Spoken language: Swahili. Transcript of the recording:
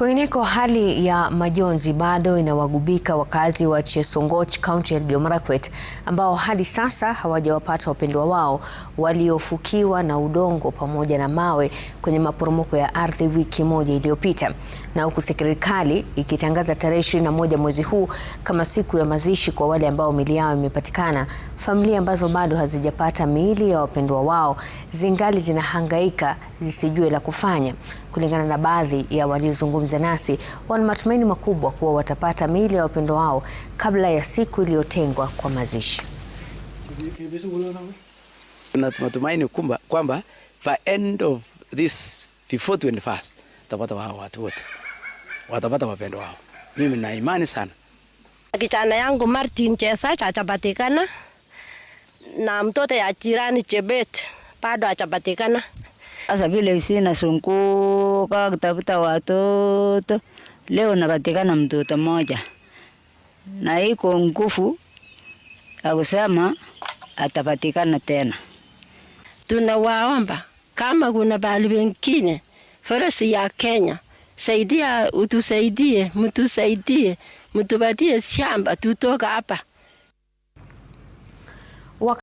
Kwingineko, hali ya majonzi bado inawagubika wakazi wa Chesongoch, kaunti ya Elgeyo Marakwet, ambao hadi sasa hawajawapata wapendwa wao waliofukiwa na udongo pamoja na mawe kwenye maporomoko ya ardhi wiki moja iliyopita, na huku serikali ikitangaza tarehe moja mwezi huu kama siku ya mazishi kwa wale ambao miili yao imepatikana, familia ambazo bado hazijapata miili ya wapendwa wao zingali zinahangaika zisijue la kufanya, kulingana na baadhi ya waliozungumza wamezungumza nasi wana matumaini makubwa kuwa watapata miili ya wapendo wao kabla ya siku iliyotengwa kwa mazishi. Na matumaini kumba kwamba by end of this before 21 watapata wao watu wote watapata wapendo wao. Mimi na imani sana kijana yangu Martin Chesach atapatikana na mtoto ya jirani Chebet bado atapatikana. Sasa vile sinasunguka kutafuta watoto, leo napatikana mtoto mmoja na iko nguvu akusema atapatikana tena. Tunawaomba kama kuna bali wengine forasi ya Kenya saidia, utusaidie, mtusaidie, mtupatie shamba tutoka hapa.